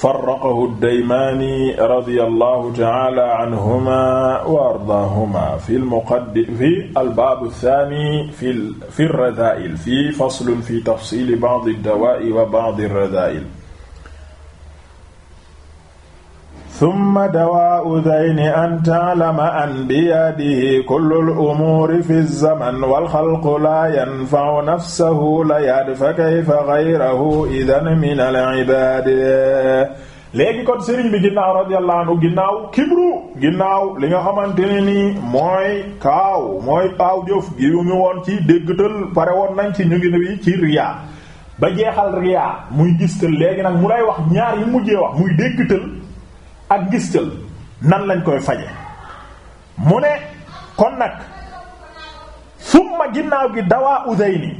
farraqahu daymaani radiyallahu ta'ala anhuma wa ardaahuma fi al-muqaddim fi al-baab ath-thaani fi fi ar-radhaa'il fi faslun fi tafsiili ba'd ad-dawaa'i wa ba'd ar-radhaa'il summa dawaa'u dayni an ta'lama an biyadihi kullul umuuri fi zaman wal xalqu laa yanfa'u nafsahu layad fa kayfa ghayrahu idan min al ibaad léegi kon sëriñ bi ginnaaw radiyallahu anhu ginnaaw kibru ginnaaw li nga xamante ne nii mooy kaaw mooy paaw jëf gi ñu ngi woon ci déggtal pare woon nañ ci ñu ngi ne ci riyaa ba jeexal riyaa muy gis tël léegi nag mu lay wax ñaar yi mujjee wax muy déggtal ak gistal nan lañ koy faje mu ne kon nag summa ginnaaw gi dawaa uzayni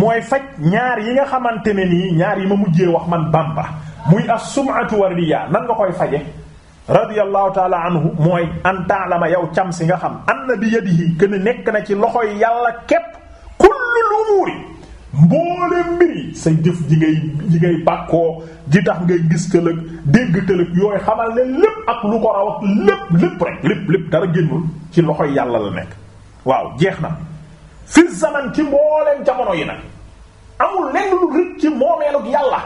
mooy faj ñaar yi nga xamante ne nii ñaar yi ma mujjee wax man Bamba muy as-sum'atu war nan nga koy faje radiyallahu taala anhu mooy an taalama yow cam si nga xam anna bi yadihi ken nekk na ci loxoy yàlla képp kullul umuuri mbooleem mbir yi sa jëf ji ngay ji ngay bàkkoo ji tax ngay gis tëlëg dégg tëlëg yooyu xamal ne lépp ak lu ko raw lépp lépp rek lépp lépp dara génnul ci loxoy yàlla la nekk waaw jeex na fi zaman ci mbooleem jamono yi nag amul lenn lu rëcc ci moomeelug yàlla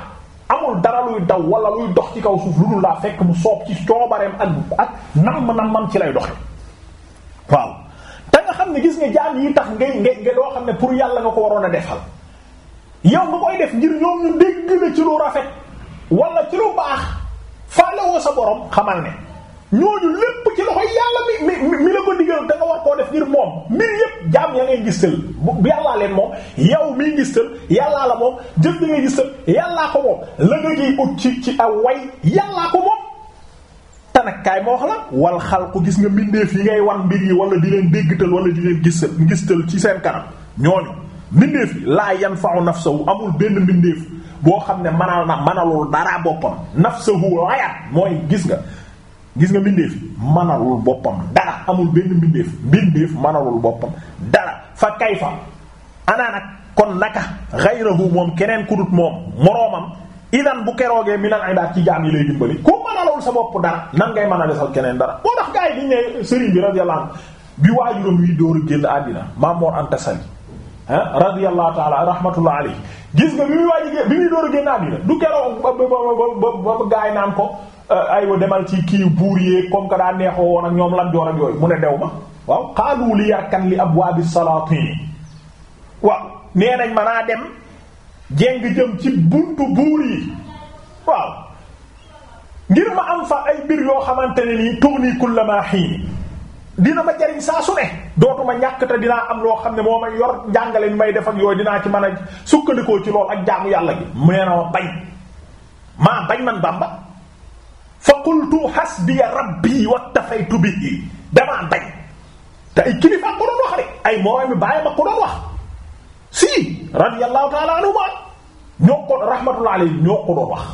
amul dara luy daw wala luy dox ci kaw suuf lu dul laa fekk mu soob ci coobareem ak ak nam nam nam ci lay doxe waaw te nga xam ne gis nga jaam yi tax ngay ngay nga doo xam ne pour yàlla nga ko waroon a defal yow nga koy def ngir ñoom ñu dégg la ci lu rafet wala ci lu baax faale sa borom xamal ne ñooñu lépp ci loxoy yàlla mi mi mi la ko digal da nga war koo def ngir moom mbir yépp jaam yaa ngay ngistal bu yàllaa leen moom yow miy ngistal yàllaa la moom jëf da ngay ngistal yàllaa ko moom la nga jiy ut ci ci aw way yàllaa ko moom tanakaay moo wax la wal xal ko gis nga mbindeef yi ngay wan mbir yi wala di leen déggtal wala di leen gistal ngistal ci seen kanam ñooñu mbindeef yi laa yanfa'u nafsahu amul benn mbindeef boo xam ne manal na manalul dara boppam nafsahu layat mooy gis nga gis nga mbindeef manalul boppam dara amul benn mbindeef mbindeef manalul boppam dara fa kayfa anaa nag kon naka ghayruhu moom keneen ku moom moroomam idan bu keroogee mi nan ibaat ci jaam yi lay dimbali ku manalul sa bopp dara nan ngay mën a desal keneen dara boo tax gaa yi diñ sëriñ bi radiyallahu anhu bi waajuram wi radiyallahu taala rahmatullah alayhi gis nga bi muy waaj bi muy door a génn àddina du keroog ba ba ba gaay naan ko euh, aywa demal ci kii buur yee comme que daa neexoo woon ak ñoom lan joor ak mu ne dew ma waaw xaalu li yarkan li abwaabi salaatin waaw nee nañ manaa dem jéng jëm ci buntu buur yi waaw ngir ma am fa ay mbir yoo xamante ne nii tourni kullama hiin dina ma jariñ saa su ne dootuma ñàkk te dinaa am loo xam ne moo may yor jàngale may def ak yooyu dinaa ci mën a sukkandikoo ci lool ak jaamu yàlla gi mu nee na ma bañ maa bañ man Bamba fa qultu hasbiya rabbi waktafaytu bihi damaa bañ te ay kilifa ko doon wax rek ay moroom mi bàyyi ma ko doon wax si radiyallahu ta'ala anhuma ñoo ko rahmatullahi alayhi ñoo doon wax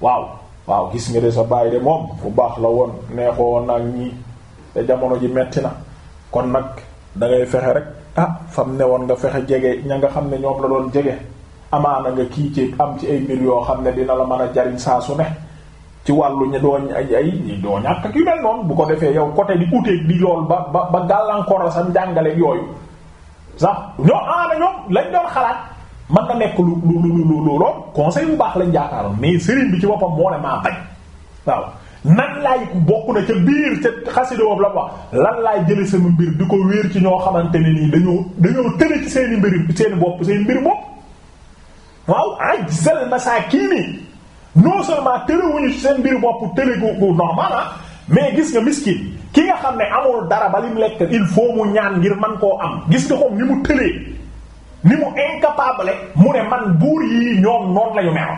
waaw waaw gis nga de sa bàyyi de moom bu baax la woon neexoo woon naa ñii te jamono ji metti na kon nag da fexe rek ah fam ne woon nga fexe jege ña nga xam ne ñoom la doon jege amaana nga kii ci am ci ay mbir yoo xam ne dina la mën a jariñ saa su ne ci wàllu ñu doo ay ay doo ñàkk ak yu bu ko defee yow côté di uteeg di lool ba ba ba gàllankoor sa njàngale yooyu sax ñoo amaana ñoom lañ doon xalaat mën na nekk lu lu lu lu lool conseil bu baax lañ jaakaaroon mais sëriñ bi ci boppam moo ne maa bañ waaw nan laay bokk na ca biir ca xasida la wax lan laay jële sama mbir di ko wéer ci ñoo xamante ne nii dañoo dañoo tële ci seen i mbir seen bopp seen mbir bopp waaw ajzal masakini non seulement tërëwuñu ci seen mbir bopp tële gu normal ah mais gis nga miskin ki nga xam ne amul dara ba lim lekk il faut mu ñaan ngir man koo am gis nga comme ni mu tëlee ni mu incapable mu ne man buur yi ñoom noonu la meew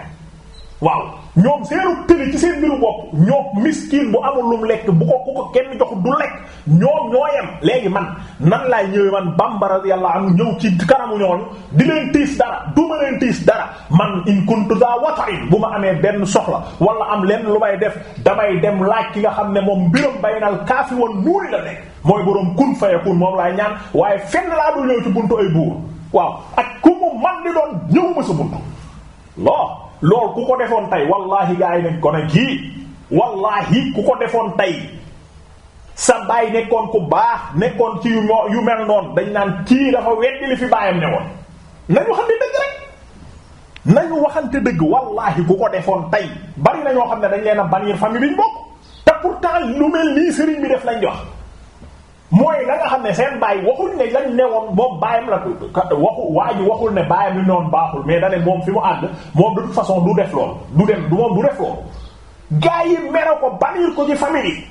waaw. ñoom seenu tëli ci seen mbiru bopp ñoo miskin bu amul lum lekk bu ko ku ko kenn jox du lekk ñoom ñoo yem léegi man nan laay ñëwee man Bamba radiyallahu am ñëw ci kanamu ñooñu di leen tiis dara du ma leen tiis dara man in kuntu daa watarin bu ma amee benn soxla wala am lenn lu may def damay dem laaj ki nga xam ne moom mbiram baynal kaafi woon nuuri la nekk mooy boroom kun fayakun moom laay ñaan waaye fenn laa dul ñëw ci buntu ay buur waaw ak ku mu man di doon ñëw ma sa loolu ku ko defoon tey wallaahi gaa yi nañ ko ne kii wallaahi ku ko defoon tey sa baay nekkoon ku baax nekkoon ci yu mel noonu dañ naan kii dafa weddi li fi baayam ne woon nañu xam ne dëgg rek nañu waxante dëgg wallaahi ku ko defoon tey bari na ñoo xam ne dañ leen a bannir famille bi ñu bokk te pourtant lu mel nii sëriñ bi def lañ jox. mooy la nga xam ne seen baay waxul ne lañ newoon moom baayam la waxu waa ji waxul ne baayam li newoon baaxul mais dana moom fi mu àgg moom de façon du def lool du dem du moom gaa yi mere ko bannir ko ci famille yi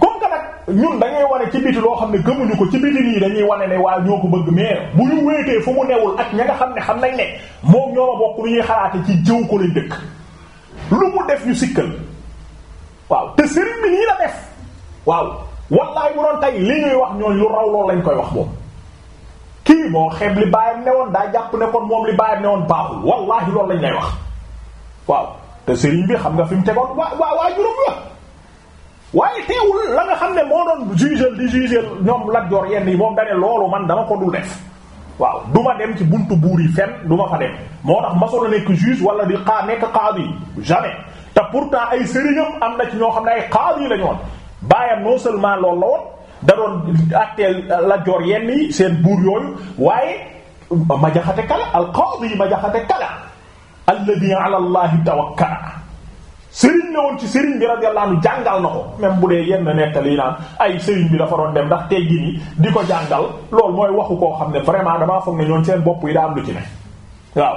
comme que nag ñun dañuy wane ci biti loo xam ne gëmuñu ko ci biti nii dañuy wane ne waa ñoo ko bëgg mais bu ñu wéetee fu mu newul ak ña nga xam ne xam nañ ne moom ñoo la bokk lu ñuy xalaate ci jëw ko lañ dëkk lu mu def ñu sikkal waaw te sëriñ bi nii la def waaw. wallaay bu doon tey li ñuy wax ñooñu lu raw loolu lañ koy wax moom kii moo xeeb li baayam ne woon daa jàpp ne kon moom li baayam ne woon baaxul wallaahi lool lañ lay wax waaw te sëriñ bi xam nga fi mu tegoon waa waa waa juróom la waaye teewul la nga xam ne moo doon jugeel di jugeel ñoom la joor yenn yi moom dane loolu man dama ko dul def waaw duma dem ci buntu buur yi fenn du ma fa dem moo tax masola nekk juge wala di xaa nekk xaadi yi jamais te pourtant ay sëriñam am na ci ñoo xam ne ay xaadi yi baayam non seulement loolu la woon da doon àtteel la joor yenn yi seen buur yooyu waaye ma jaxate kala alqaadi ma jaxate kala alladhi ala allahi tawakkala sëriñ la woon ci sëriñ bi radiyallahu anhu jàngal na ko même bu dee yenn nettali naan ay sëriñ bi dafa doon dem ndax teggi ni di ko jàngal loolu mooy waxu koo xam ne vraiment damaa foog ne ñoon seen bopp yi daa am lu ci ne waaw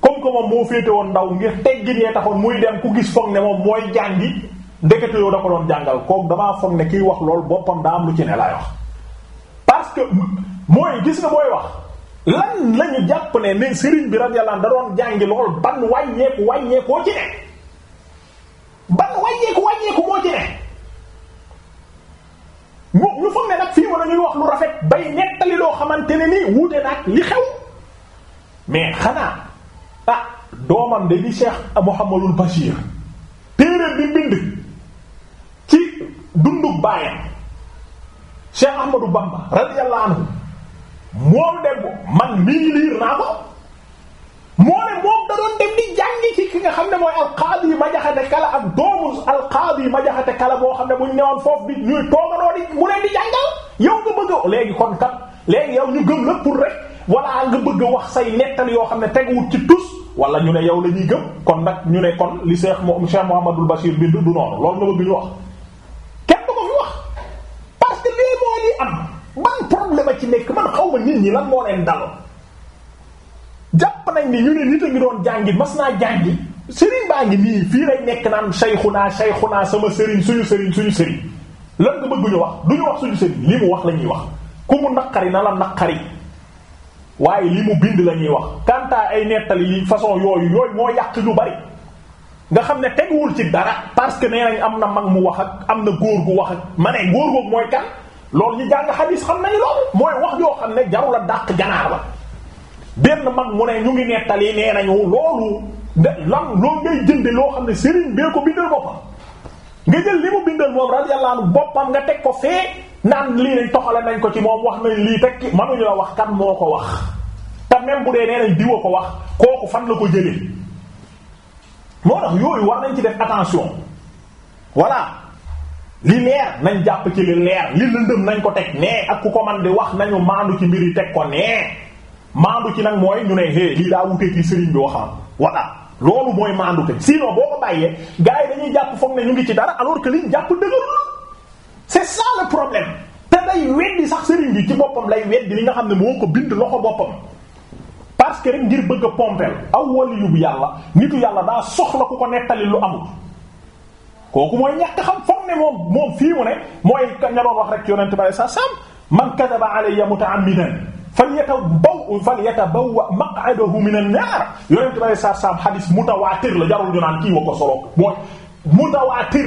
comme que moom moo féete woon ndaw ngir teggi nee taxoon muy dem ku gis foog ne moom mooy jàngi ndekete yoo da ko doon jàngal kooku damaa foog ne kiy wax loolu boppam daa am lu ci ne laay wax parce que mooy gis nga booy wax lan la ñu jàpp ne ne sëriñ bi radiyallahu da doon jàngi lool ban wàññeeku wàññeekoo ci ne ban wàññeeku wàññeeku moo ci ne ñu ñu foog ne nag fii ma ñuy wax lu rafet bay nettali loo xamante ne nii wuute nag li xew mais xanaa ah doomam de li Cheikh Mouhamadul Bachir téere bi bind dundu baayam Cheikh Ahmadou Bamba radiyallahu anhu moom dem ko man mii liir naa ko moo ne moom da doon dem di jàngi ci ki nga xam ne mooy alqaadi yi ma jaxate kala ak doomu alqaadi yi ma jaxate kala boo xam ne buñ newoon foofu bi ñuy toogaloo di mu leen di jàngal yow nga bëgg léegi kon kat léegi yow ñu gëm la pour rek walla nga bëgg a wax say nettal yoo xam ne teguwut ci tus wala ñu ne yow la ñuy gëm kon nag ñu ne kon li Cheikh moom Cheikh Mouhamadul Bachir bi du ci nekk man xaw ma nit ñi lan moo leen dal jàpp nañ ni ñu ne nit a ngi doon jàngi mas naa jàngi sëriñ baa ngi nii fii lay nekk naan sayxunaa sayxunaa sama sëriñ suñu sëriñ suñu sëriñ lan nga bëgg wax duñu wax suñu sëriñ li mu wax la ñuy wax ku mu naqari na la naqari waaye li mu bind lañuy wax kantaa ay nettali yi façon yooyu yooyu moo yàq ñu bari nga xam ne teguwul ci dara parce que nee nañ am na mag mu wax ak am na góor gu wax ak ma góor googu mooy kan loolu ñu jàng xadiis xam nañ loolu mooy wax yoo xam ne jarul a dàq ganaar ba benn mag mu ne ñu ngi nettali nee nañu loolu lan loolu ngay jënde loo xam ne sëriñ bee ko bindal boppam nga jël li mu bindal moom radiyallahu anhu boppam nga teg ko fee naan lii nañ toxale nañ ko ci moom wax nañ lii teg ci manuñu la wax kan moo ko wax te même bu dee nee nañ diwa ko wax kooku fan la ko jëlee moo tax yooyu war nañ ci def attention voilà li leer nañ jàpp ci li leer li lëndëm nañ ko teg nee ak ku ko man di wax nañu maandu ci mbir yi teg ko nee maandu ci nag mooy ñu ne hé lii daa wuteeg li sëriñ bi waxam voilà loolu mooy maandu te sinon boo ko bàyyee gars yi dañuy jàpp foog ne ñu ngi ci dara alors que liñ jàpp dëgërul c'est ça le problème te day weddi sax sëriñ bi ci boppam lay weddi li nga xam ne moo ko bind loxo boppam parce que rek ngir bëgg a pompel aw wali yu yàlla nitu yàlla daa soxla ku ko nettali lu amul kooku mooy ñàkk xam foog ne moom moom fii mu ne mooy ña doon wax rek yonent bi sa sam man kadaba alayya muta'ammidan falyatabaw falyatabawwa maq'adahu minan nar yonent bi sa la jarul ñu naan kii wa ko solo mooy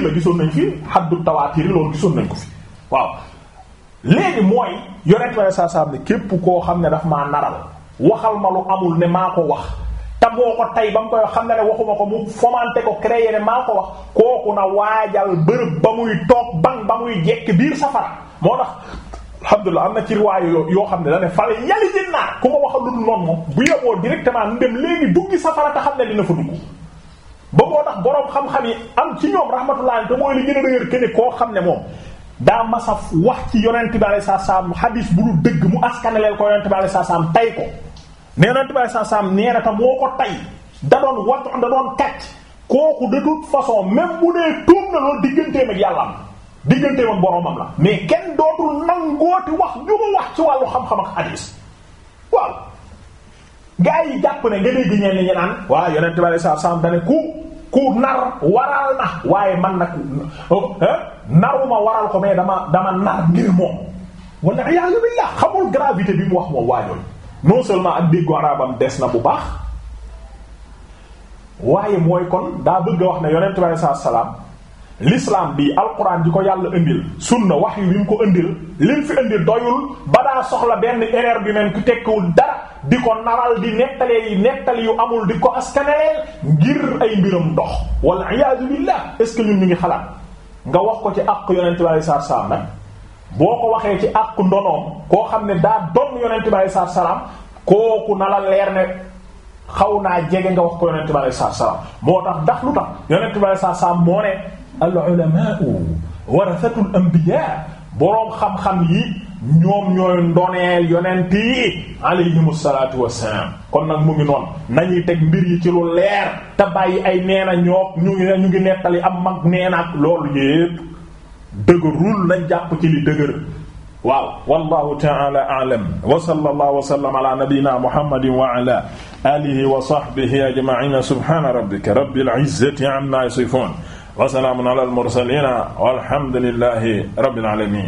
la gisoon nañ fi haddu tawaatir loolu gisoon nañ ko fi waaw léegi mooy yonent bi sa sam ne képp koo xam ne daf maa naral waxal ma lu amul ne maa ko wax. te boo ko tay ba mu koy xam ne ne waxuma ko mu fomenté ko créé ne maa ko wax kooku na waajal bërëb ba muy toog bang ba muy jekk biir safara moo tax alhamdulilah am na ci riwaayu yoo yoo xam ne da ne fale yali jën naa ku ma waxal lu dul noonu moom bu yeboo directement nu dem léegi duggi safara te xam ne dina fa dugg ba moo tax boroom xam-xam yi am ci ñoom rahmatullahi te mooy li gën a dëgër ke koo xam ne moom daa masaf wax ci yonent bi alayhi salaam hadis bu dul dëgg mu askaneleel ko yonent bi alayhi salaam tay ko nee na tubaab sa saam nee na te moo ko tay da doon wat da doon kàcc kooku de toute façon même bu dee tuub na loolu digganteem ak yàlla am digganteem ak boromam la. mais kenn dootul nangooti wax ñu ma wax ci wàllu xam-xam ak hadis waaw gaa yi jàpp ne nga dégg ñenn ñi naan waaw yonent tubaab sa saam da ku ku nar waral na waaye man nag oh, eh, naruma waral ko mais dama dama nar ngir moom wala iyaazu billah xamul gravité bi mu wax moom waajoon. non seulement ak déggu arabam des na bu baax waaye mooy kon daa bëgg a wax na yonent bi alei salaatu salaam bi alquran di ko yàlla indil sunna wax yu bi mu ko indil lim fi indil doyul ba daa soxla benn erreur bi même ku tekkiwul dara di ko naral di nettalee nettali yu amul di ko askanaleel ngir ay mbiram ndox wala iyaadu billah est ce que ñun ñu ngi xalaat nga wax ko ci àq yonent bi alei salaatu salaam nag boo ko waxee ci àq ndonoom koo xam ne daal doon yonent bi alei salaam kooku na la leer ne xaw naa jege nga wax ko yonent bi alei salaam moo tax ndax lu tax yonent bi alei salaatu salaam moo ne al ulamaa'u warasatul anbiyaa boroom xam-xam yi ñoom ñooy ndoneel yonent yi alayhimu salaatu wassalaam kon nag mu ngi noonu nañuy teg mbir yi ci lu leer te bàyyi ay neena ñoo ñu ngi ñu am mag neenaak loolu yépp dëgërul nañ jàpp ci li dëgër waaw wallahu ta'ala a'lam wa sallallahu wa sallam ala nabiyyina muhammadin wa ala alihi wa sahbihi ajma'in subhana rabbika rabbil izzati amma yasifun wa salamun ala al mursalin walhamdulillahi rabbil alamin